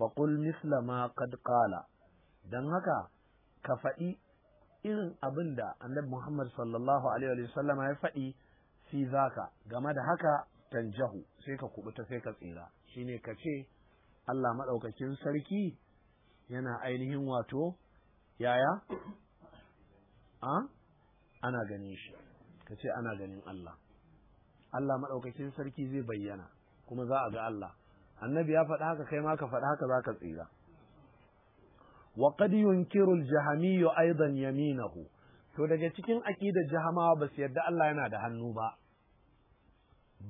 faƙul misla ma kad qala don haka ka faɗi irin abin da annabi Muhammad sallallahu alaihi wa sallama ya faɗi fi zaka game da haka tanjahu sai ka kubuta sai ka tsira shine ka ce Allah maɗaukakin sarki yana ainihin wato yaya a ana ganin shi ka ce ana ganin Allah Allah maɗaukakin sarki zai bayyana kuma za a ga Allah annabi ya faɗa haka kai ma ka faɗa haka zaka tsira wa qad yunkiru al-jahmiyyu aidan yaminahu to daga cikin aqidar jahamawa ba su yarda Allah yana da hannu ba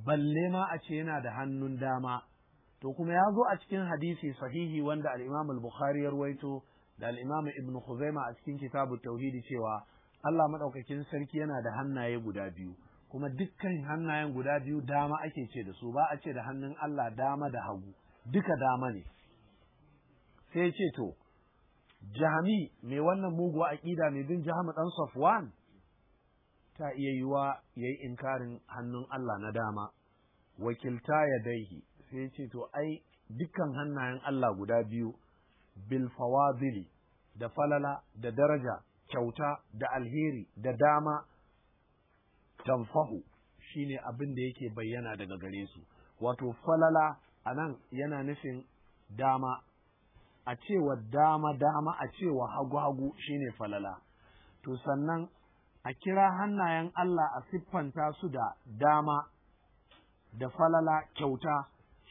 balle ma a ce yana da hannun dama to kuma ya zo a cikin hadisi sahihi wanda al-Imam al-Bukhari ya ruwaito da al-Imam Ibn Khuzaimah a cikin kitabu tauhidi cewa Allah madaukakin sarki yana da hannaye guda biyu kuma dukkan hannayen guda biyu dama ake ce da su ba a ce da hannun Allah dama da hagu duka dama ne sai ce to jami mai wannan muguwa aƙida mai bin jami ɗan safwan ta iya yiwa ya yi inkarin hannun Allah na dama wakilta ya daihi sai ce to ai dukkan hannayen Allah guda biyu bilfawa bili, da falala da daraja kyauta da alheri da dama tanfahu shine abin da yake bayyana daga gare su wato falala a nan yana nufin dama a cewa dama dama a cewa hagu hagu shine falala to sannan a kira hannayen Allah a siffanta su da dama da falala kyauta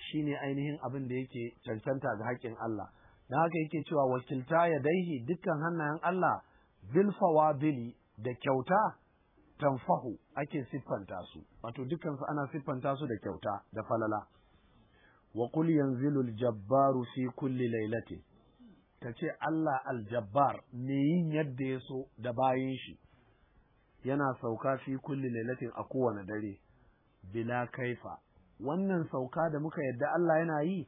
shine ainihin abin da yake cancanta ga haƙƙin Allah don haka yake cewa wakilta ya daihi dukkan hannayen Allah bil bili da kyauta tanfahu ake siffanta su wato dukansu ana siffanta su da kyauta da falala wa qul yanzilu al-jabbaru fi kulli lailatin tace Allah al-jabbar ne yin yadda ya so da bayin shi yana sauka fi kulli lailatin a kowane dare bila kaifa wannan sauka da muka yadda Allah yana yi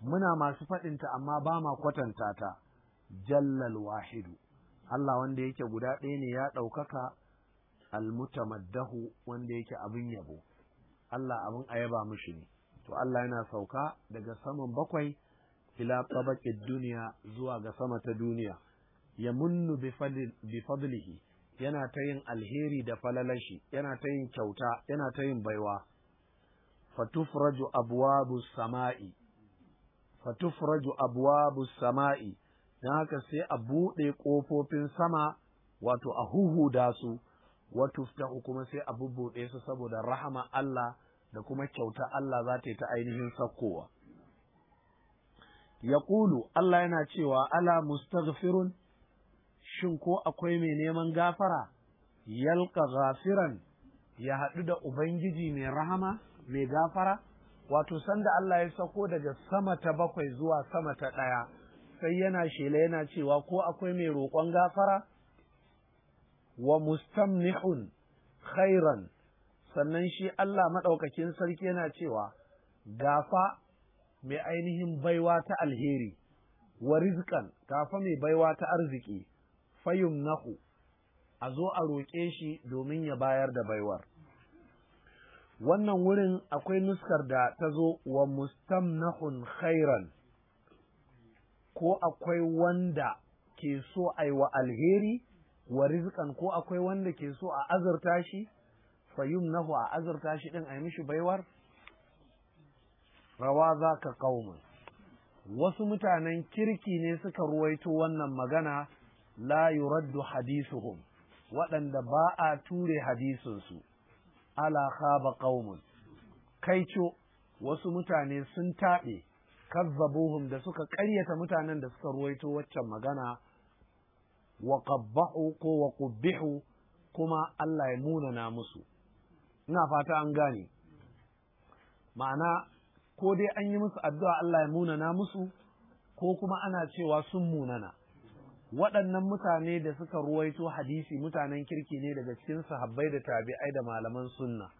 muna masu faɗinta amma ba ma kwatanta ta jallal wahidu Allah wanda yake guda ɗaya ne ya ɗaukaka almutamaddahu wanda yake abin yabo Allah abin ayaba mushi ne to Allah yana sauka daga saman bakwai ila tabaqid duniya zuwa ga sama ta duniya yamunnu bi fadlihi yana ta yin alheri da falalashi yana ta yin kyauta yana ta yin baiwa fatufraju abwabu sama'i fatufraju abwabu sama'i Na haka sai a buɗe ƙofofin sama wato a da su wa tuftahu kuma sai a bubbuɗe su saboda rahama Allah da kuma kyauta Allah za ta yi ta ainihin sakkowa yaqulu Allah yana cewa ala mustaghfirun shin ko akwai mai neman gafara yalka ghafiran ya haɗu da ubangiji mai rahama mai gafara wato sanda Allah ya sako daga sama ta bakwai zuwa sama ta ɗaya sai yana shela yana cewa ko akwai mai roƙon gafara wa mustamnihun khairan sannan shi Allah maɗaukakin sarki yana cewa gafa mai ainihin baiwa ta alheri wa rizqan gafa mai baiwa ta arziki fayum nahu a zo a roƙe shi domin ya bayar da baiwar wannan wurin akwai nuskar da ta zo wa mustamnahun khairan ko akwai wanda ke so aiwa alheri wa rizqan ko akwai wanda ke so a azurta shi fayumnahu a azurta shi din a yi mishi baiwar rawa za ka kaumun wasu mutanen kirki ne suka ruwaito wannan magana la yuraddu hadisuhum waɗanda ba a ture hadisinsu ala khaba qaumun kaico wasu mutane sun taɓe kazzabuhum da suka ƙaryata mutanen da suka ruwaito waccan magana wa qabba'u ko wa qubbihu kuma Allah ya munana musu ina fata an gane ma'ana ko dai an yi musu addu'a Allah ya munana musu ko kuma ana cewa sun munana waɗannan mutane da suka ruwaito hadisi mutanen kirki ne daga cikin sahabbai da tabi'ai da malaman sunna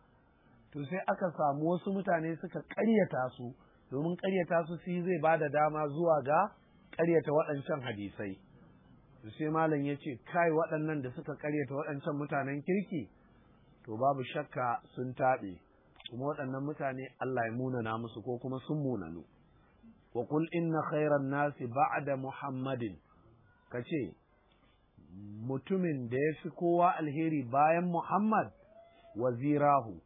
to sai aka samu wasu mutane suka ƙaryata su domin ƙaryata su shi zai ba da dama zuwa ga ƙaryata waɗancan hadisai sai malam ya ce kai waɗannan da suka karyata waɗancan mutanen kirki to babu shakka sun taɓe kuma waɗannan mutane Allah ya munana musu ko kuma sun munanu wa qul inna khairan nasi ba'da muhammadin kace mutumin da ya fi kowa alheri bayan muhammad wazirahu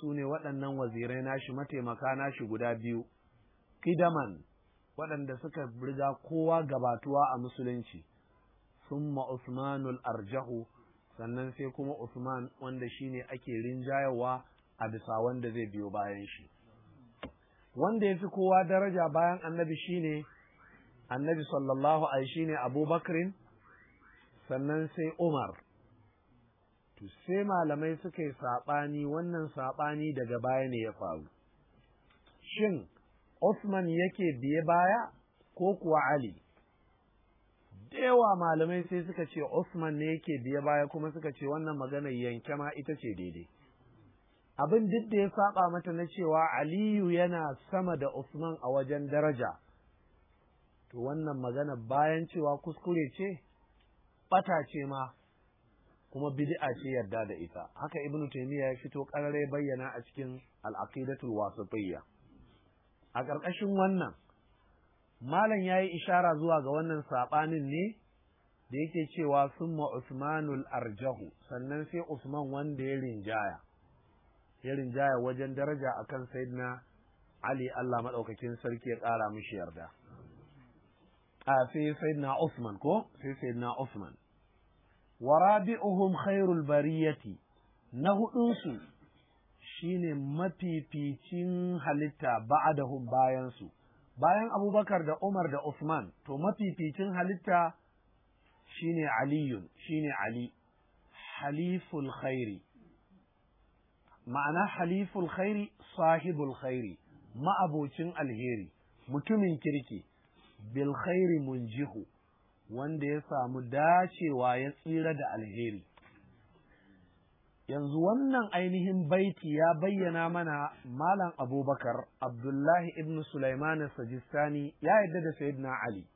sune waɗannan wazirai nashi mataimaka nashi guda biyu kidaman waɗanda suka riga kowa gabatuwa a musulunci summa Usmanul arjahu sannan sai kuma Usman wanda shine ake rinjayawa a bisa wanda zai biyo bayan shi wanda ya fi kowa daraja bayan annabi shine annabi sallallahu alaihi shine abubakrin sannan sai umar to sai malamai suka yi saɓani wannan saɓani daga baya ne ya faru shin Usman yake biye baya ko kuwa Ali da yawa malamai sai suka ce Usman ne yake biya baya kuma suka ce wannan magana yanke ma ita ce daidai abin duk da ya saba mata na cewa Aliyu yana sama da Usman a wajen daraja to wannan magana bayan cewa kuskure ce bata ce ma kuma bid'a ce yarda da ita haka ibnu taymiya ya fito karare bayyana a cikin al-aqidatul wasatiyya a ƙarƙashin wannan malam ya yi ishara zuwa ga wannan saɓanin ne da yake cewa summa usmanul arjahu sannan sai usman wanda ya rinjaya ya rinjaya wajen daraja akan sayyidina ali allah maɗaukakin sarki ya ƙara mishi yarda a sai sayyidina usman ko sai sayyidina usman wa rabi'uhum khairul bariyati na hudunsu shine mafificin halitta ba'adahum bayansu bayan abubakar da umar da usman to mafificin halitta shine aliyun shine ali haliful khairi ma'ana haliful khairi sahibul khairi ma'abocin alheri mutumin kirki bil khairi munjihu wanda ya samu dacewa ya tsira da alheri yanzu wannan ainihin baiti ya bayyana mana malam abubakar abdullahi ibn sulaiman sajistani ya yadda da sayyidina ali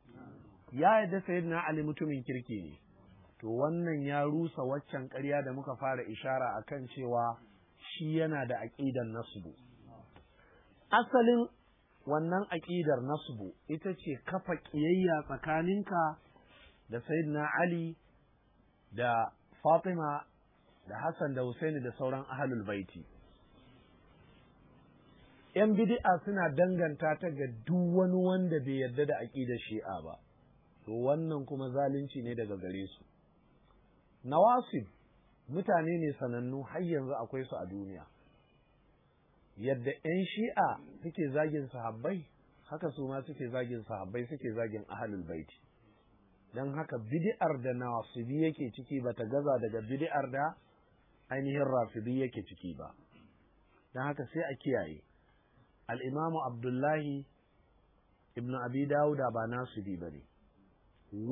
ya yadda sayyidina ali mutumin kirki ne to wannan ya rusa waccan ƙarya da muka fara ishara a kan cewa shi yana da aƙidar nasbu asalin wannan aƙidar nasbu ita ce kafa ƙiyayya tsakaninka da sayyidina ali da fatima da Hassan da Husaini da sauran ahalul baiti. ‘Yan bidi'a suna danganta ta ga duk wani wanda bai yarda da aƙidar shi'a ba, to wannan kuma zalunci ne daga gare su. Nawasib mutane ne sanannu har yanzu akwai su a duniya. Yadda ‘yan shi'a suke zagin sahabbai, haka su ma suke zagin sahabbai suke zagin ahalul baiti. Don haka bidi'ar da nawasibi yake ciki bata gaza daga bidi'ar da ainihin rafidi yake ciki ba don haka sai a kiyaye al'imamu abdullahi ibn abi dawuda ba bi ba ne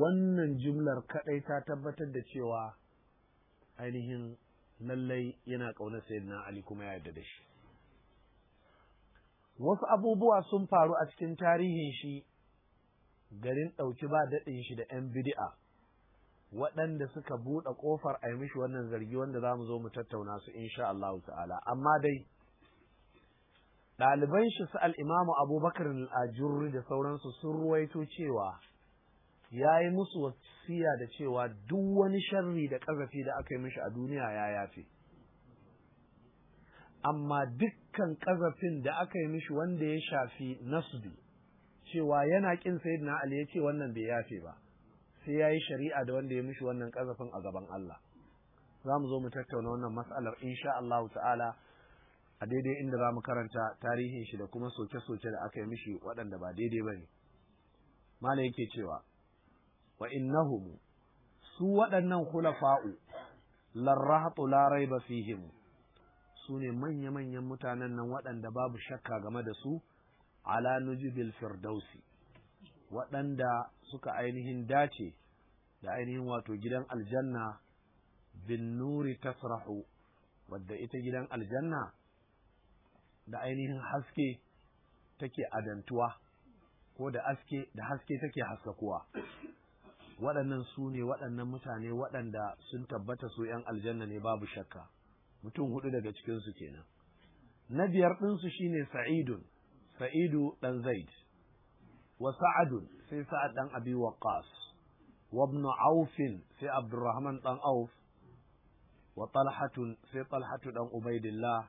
wannan jumlar kaɗai ta tabbatar da cewa ainihin lallai yana ƙaunar sayyidina ali kuma ya yarda da shi wasu abubuwa sun faru a cikin tarihin shi garin ɗauki ba daɗin shi da ‘yan bidi'a waɗanda suka buɗe ƙofar a yi mishi wannan zargi wanda za mu zo mu tattauna su insha Allah ta'ala amma dai ɗaliban shi su al'imamu abubakar jirri da sauransu sun ruwaito cewa ya yi musu wasiya da cewa duk wani sharri da ƙazafi da aka yi mishi a duniya ya yafe amma dukkan ƙazafin da aka yi mishi wanda ya shafi nasbi cewa yana ƙin na ali ya ce wannan bai yafe ba sai ya yi shari'a da wanda ya mishi wannan ƙazafin a gaban Allah za mu zo mu tattauna wannan mas'alar insha Allah ta'ala a daidai inda za mu karanta tarihin shi da kuma soke-soke da aka yi mishi waɗanda ba daidai ba ne mala yake cewa wa innahum su waɗannan khulafa'u larrahatu la raiba fihim su ne manya-manyan mutanen nan waɗanda babu shakka game da su ala nujibil firdausi waɗanda suka ainihin dace da ainihin wato gidan aljanna bin nuri tasrahu wadda ita gidan aljanna da ainihin haske take adantuwa ko da aske da haske take haskakuwa waɗannan su ne waɗannan mutane waɗanda sun tabbata su ‘yan aljanna ne babu shakka mutum hudu daga cikinsu kenan na biyar ɗinsu shine sa'idun sa'idu ɗan zaid wa sa'adun sai sa'ad ɗan abi waqqas وابن عوف في عبد الرحمن بن عوف وطلحة في طلحة بن عبيد الله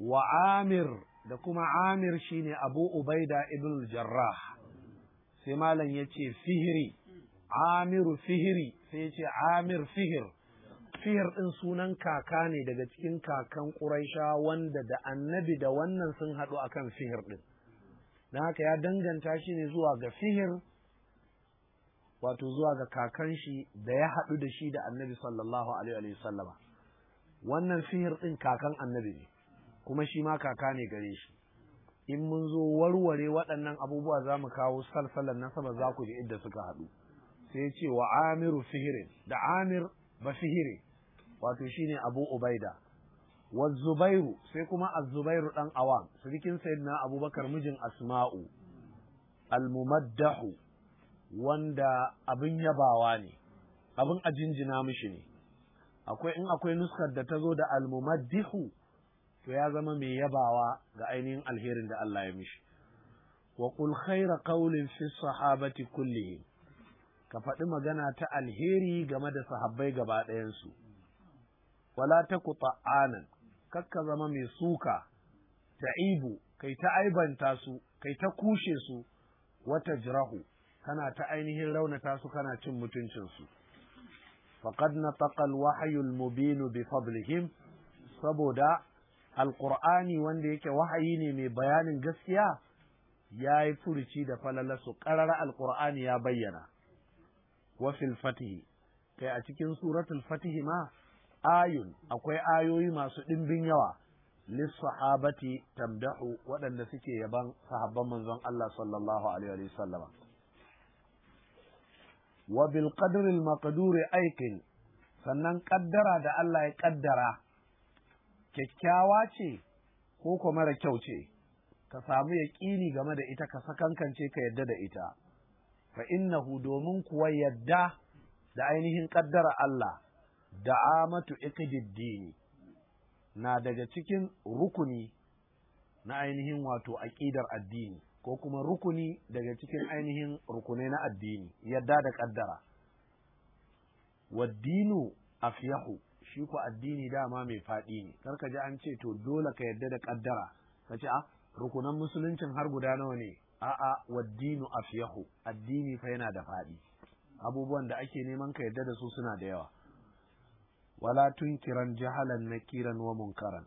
وعامر دكما عامر شيني أبو عبيدة ابن الجراح سمالا يتي فهري عامر فهري سيتي عامر فهر fihir ɗin sunan kaka ne daga cikin kakan ƙuraisha wanda da annabi da wannan sun haɗu akan fihir ɗin don haka ya danganta shi ne zuwa ga fihir wato zuwa ga kakan shi da ya haɗu da shi da annabi sallallahu alaihi wa sallama wannan sihir ɗin kakan annabi ne kuma shi ma kaka ne gare shi in mun zo warware waɗannan abubuwa za mu kawo salsalan nasaba za ku ji inda suka haɗu sai ce wa amiru sihirin da amir ba sihiri wato shine abu ubaida wa zubairu sai kuma az-zubairu dan awam sirikin sayyidina abubakar mijin asma'u al-mumaddahu wanda abin yabawa ne abin ajinjina mishi ne akwai in akwai nuskar da ta zo da almumaddihu to ya zama mai yabawa ga ainihin alherin da Allah ya mishi wa qul khayra qawlin fi sahabati kullihim ka faɗi magana ta alheri game da sahabbai gaba ɗayansu wala ta ku kar kakka zama mai suka ta ibu kai ta aibanta su kai ta kushe su wata jirahu kana ta ainihin raunata su kana cin mutuncinsu faqad nataqa al wahayul mubinu bi fadlihim saboda alqur'ani wanda yake wahayi ne mai bayanin gaskiya ya yi furuci da falalasu ƙarar alqur'ani ya bayyana wa fil fatihi kai a cikin suratul fatihi ma ayun akwai ayoyi masu ɗimbin yawa lissahabati tamdahu waɗanda suke yaban sahabban manzon Allah sallallahu alaihi wa sallama wa bil qadri aikin sannan ƙaddara da Allah ya ƙaddara, kyakkyawa ce ko ko mara kyau ce ka samu yaƙini game da ita ka sakankance ka yadda da ita fa innahu domin kuwa yadda da ainihin ƙaddara Allah da amatu iqdiddini na daga cikin rukuni na ainihin wato aƙidar addini ko kuma rukuni daga cikin ainihin rukunai na addini yadda da kaddara waddinu afyahu shi ku addini dama mai faɗi ne kar ka ji an ce to dole ka yadda da kaddara ka ce a ah, rukunan musuluncin har guda nawa ne a'a waddinu afyahu addini fa yana da faɗi abubuwan da ake neman ka yadda da su suna da yawa wala tunkiran jahalan nakiran wa munkaran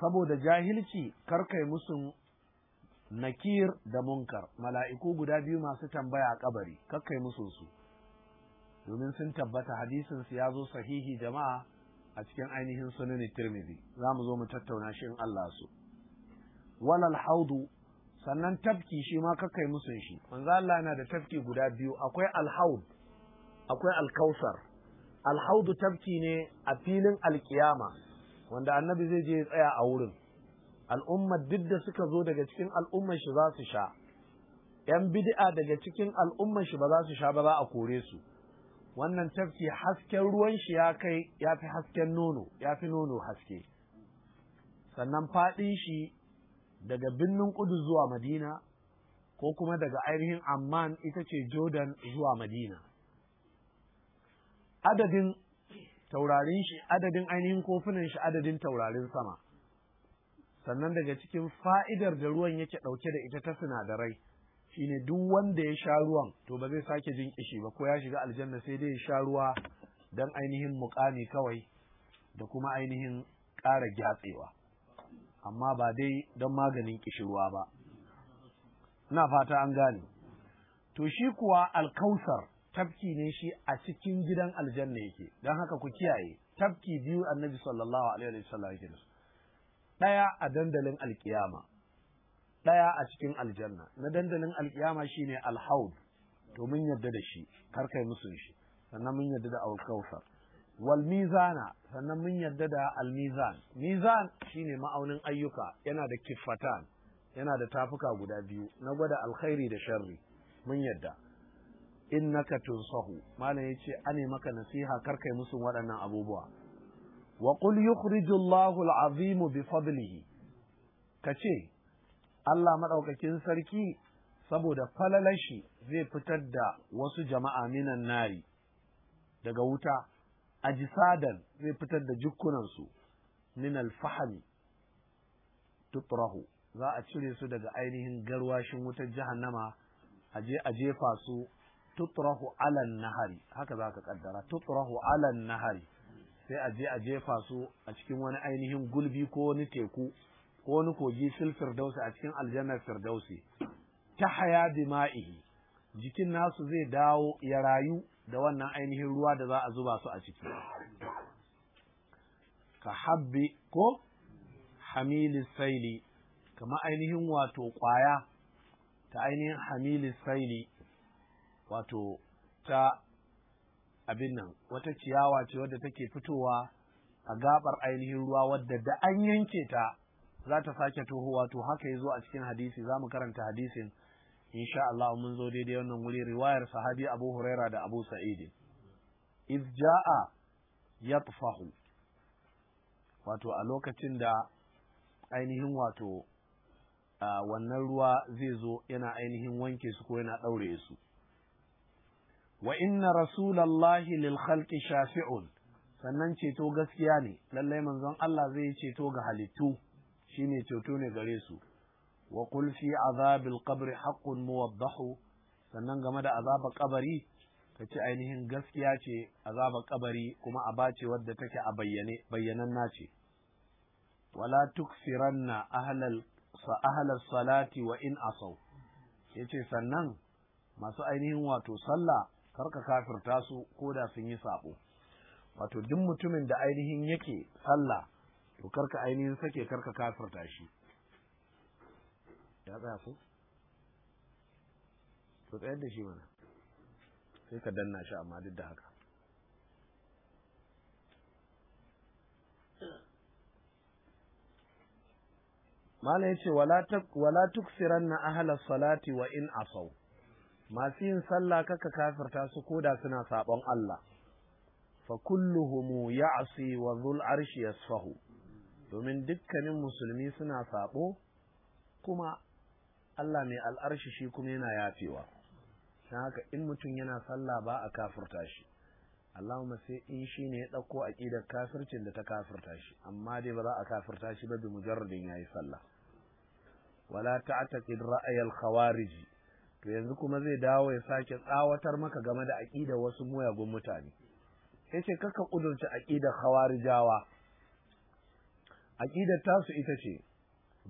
saboda jahilci kar kai musun nakir da munkar mala'iku guda biyu masu tambaya a kabari kakkai musu su domin sun tabbata hadisin su ya zo sahihi jama'a a cikin ainihin sunan tirmidhi za mu zo mu tattauna shi in Allah su. walal haudu sannan tafki shi ma kakkai musu shi manzo Allah yana da tafki guda biyu akwai Al-Haud, akwai alkausar Al-Haudu tafki ne a filin alƙiyama, wanda annabi zai je ya tsaya a wurin Al'umma duk da suka zo daga cikin al'ummar shi za su sha ‘yan bid'a daga cikin al'ummar shi ba za su sha ba za a kore su wannan tafki hasken ruwan shi ya kai ya fi hasken nono ya fi nono haske sannan faɗin shi daga birnin Kudu zuwa madina ko kuma daga ainihin amman ita ce jordan zuwa madina adadin taurarin shi adadin ainihin kofunan shi adadin taurarin sama sannan daga cikin fa'idar da ruwan yake ɗauke da ita ta sinadarai shine duk wanda ya sha ruwan to ba zai sake jin kishi ba ko ya shiga aljanna sai dai ya sha ruwa don ainihin muƙami kawai da kuma ainihin ƙara gyatsewa amma ba dai don maganin ruwa ba na fata an gane to shi kuwa alkausar tafki ne shi a cikin gidan aljanna yake don haka ku kiyaye tafki biyu annabi sallallahu alaihi wasallam ɗaya a dandalin alkiyama ɗaya a cikin aljanna na dandalin alkiyama shine alhaud to mun yarda da shi kar kai musu shi sannan mun yarda da alkausar wal mizana sannan mun yarda da almizan mizan shine ma'aunin ayyuka yana da kiffatan yana da tafuka guda biyu na gwada alkhairi da sharri mun yarda innaka tunsahu malam yace ane maka nasiha kar kai musu waɗannan abubuwa wa qul yukhrijullahu al'azimu bi fadlihi kace Allah maɗaukakin sarki saboda falalashi zai fitar da wasu jama'a minan nari daga wuta ajisadan zai fitar da jukkunansu min fahami tutrahu za a cire su daga ainihin garwashin wutar jahannama a je a jefa su tutrahu alan nahari haka za ka kaddara tutrahu alan nahari sai a je a jefa su a cikin wani ainihin gulbi ko wani teku ko wani kogi silfir dausi a cikin aljannar firdausi ta haya ma'ihi jikin nasu zai dawo ya rayu da wannan ainihin ruwa da za a zuba su a ciki ka habbi ko hamili saili kama ainihin wato kwaya ta ainihin hamili saili wato ta abin nan wata ciyawa ce wadda take fitowa a gabar ainihin ruwa wadda da an yanke ta za ta sake tohowa to haka ya zo a cikin hadisi za mu karanta hadisin sha Allah mun zo daidai wannan wuri riwayar sahabi Abu Huraira da Abu Sa'id iz ja'a yatfahu wato a lokacin da ainihin wato wannan ruwa zai zo yana ainihin wanke su ko yana daure su wa inna rasulallahi lil khalqi shafi'un sannan ceto gaskiya ne lallai manzon Allah zai yi ceto ga halittu shine ceto ne gare su wa qul fi azabil qabri haqqun muwaddahu sannan game da azabar ƙabari, ka ce ainihin gaskiya ce azabar ƙabari kuma a bace wadda take a bayyane bayyanan nace wala tukfiranna ahlal sa ahlal salati wa in asaw yace sannan masu ainihin wato sallah karka kafirta su ko da sun yi sabo wato duk mutumin da ainihin yake sallah to karka ainihin sake karka kafirta shi ya tsaya ko to tsayar da shi mana sai ka danna shi amma duk da haka Mala ya ce, Wala siran na ahalar salati wa in asau, masu yin sallah kaka kafirta su koda suna sabon Allah fa kulluhum ya'si wa dhul arshi yasfahu domin dukkanin musulmi suna sabo kuma Allah mai al'arshi shi kuma yana yafewa don haka in mutum yana sallah ba a kafirta shi Allahumma sai in shi ne ya ɗauko aƙidar kafircin da ta kafirta shi amma dai ba za a kafirta shi ba bi mujarradin yayi sallah wala ta'taqid ra'ayal khawariji to yanzu kuma zai dawo ya sake tsawatar maka game da aƙida wasu muyagun mutane ya ce kaka ƙudurci aƙidar hawarijawa aƙidar tasu ita ce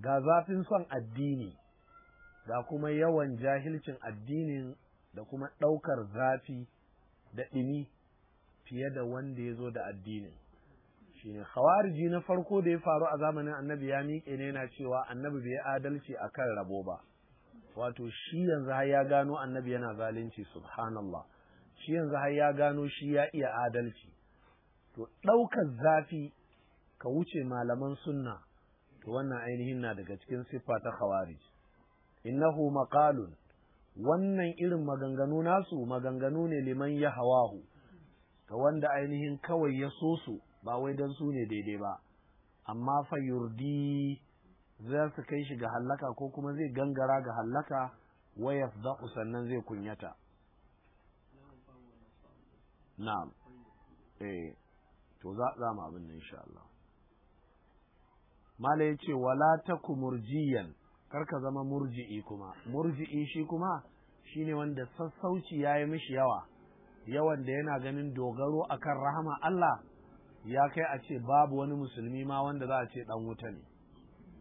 ga zafin son addini ga kuma yawan jahilcin addinin da kuma ɗaukar zafi da ɗini fiye da wanda ya zo da addinin shine hawariji na farko da ya faru a zamanin annabi ya miƙe ne yana cewa annabi bai adalci akan rabo ba wato shi yanzu har ya gano annabi yana zalunci subhanallah shi yanzu har ya gano shi ya iya adalci to ɗaukar zafi ka wuce malaman sunna to wannan ainihin na daga cikin siffa ta khawarij innahu maqalun wannan irin maganganu nasu maganganu ne liman ya hawahu ga wanda ainihin kawai ya so su ba wai don su ne daidai ba amma fa yurdi za su kai shi ga hallaka ko kuma zai gangara ga hallaka wa ku sannan zai kunyata na'am eh to za a zama abin nan Allah mala yace wala ku murjiyan kar ka zama murji'i kuma murji'i shi kuma shine wanda sassauci ya yi mishi yawa yawan da yana ganin dogaro akan rahama Allah ya kai a ce babu wani musulmi ma wanda za a ce dan wuta ne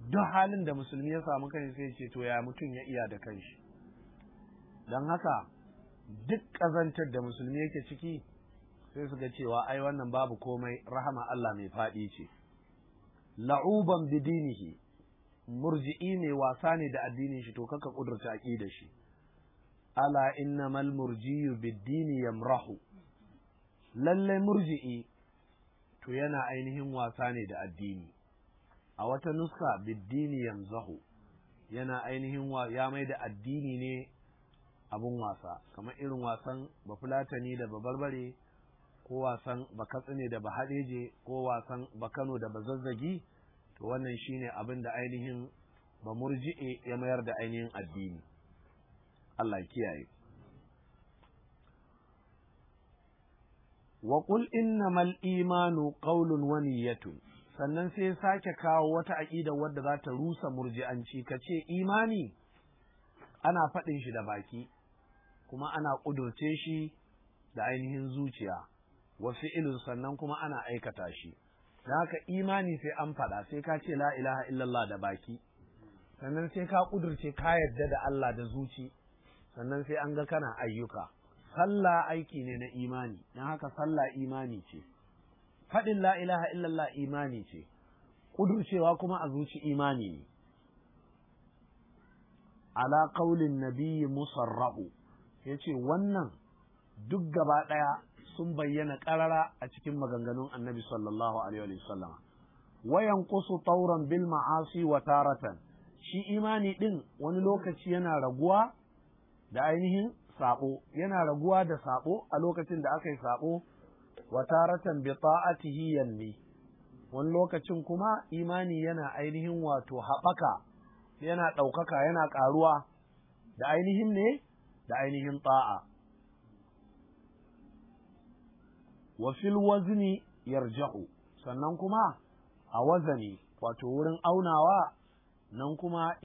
duk halin da musulmi ya samu kai sai ce to ya mutum ya iya da kanshi don haka duk ƙazantar da musulmi yake ciki sai su ga cewa ai wannan babu komai rahama Allah mai faɗi ce la'uban bidinihi murji'i ne wasa ne da addinin shi to kaka kudurta da shi ala innamal murji'u biddini dini yamrahu lalle murji'i to yana ainihin wasa ne da addini a wata nuska biddini yanzahu yana ainihin ya mai da addini ne abun wasa kamar irin wasan bafulatani da babarbare ko wasan bakatsine da ba Hadeje, ko wasan bakano da ba Zazzagi. to wannan shine abin da ainihin ba murji'e ya mayar da ainihin addini Allah kiyaye wa qul innamal imanu qawlun wa niyyatun sannan sai sake kawo wata aƙida wadda za ta rusa murji'anci ka ce imani ana faɗin shi da baki kuma ana ƙudurce shi da ainihin zuciya wasu ilin sannan kuma ana aikata shi da haka imani sai an faɗa sai ka ce la ilaha illallah da baki sannan sai ka ƙudurce ka yarda da Allah da zuci sannan sai an ga kana ayyuka sallah aiki ne na imani don haka sallah imani ce faɗin la ilaha illallah imani ce ƙudurcewa kuma a zuci imani ne ala qaulin musarrau ya ce wannan duk gaba ɗaya sun bayyana ƙarara a cikin maganganun annabi sallallahu alaihi wa wayan kusu tauran bil ma'asi wa taratan shi imani ɗin wani lokaci yana raguwa da ainihin saɓo yana raguwa da saɓo a lokacin da aka yi saɓo wa taratan bi ta'atihi wani lokacin kuma imani yana ainihin wato haɓaka yana ɗaukaka yana ƙaruwa da ainihin ne da ainihin ta'a wa fil wazni yarja'u sannan kuma a wazani wato wurin aunawa nan kuma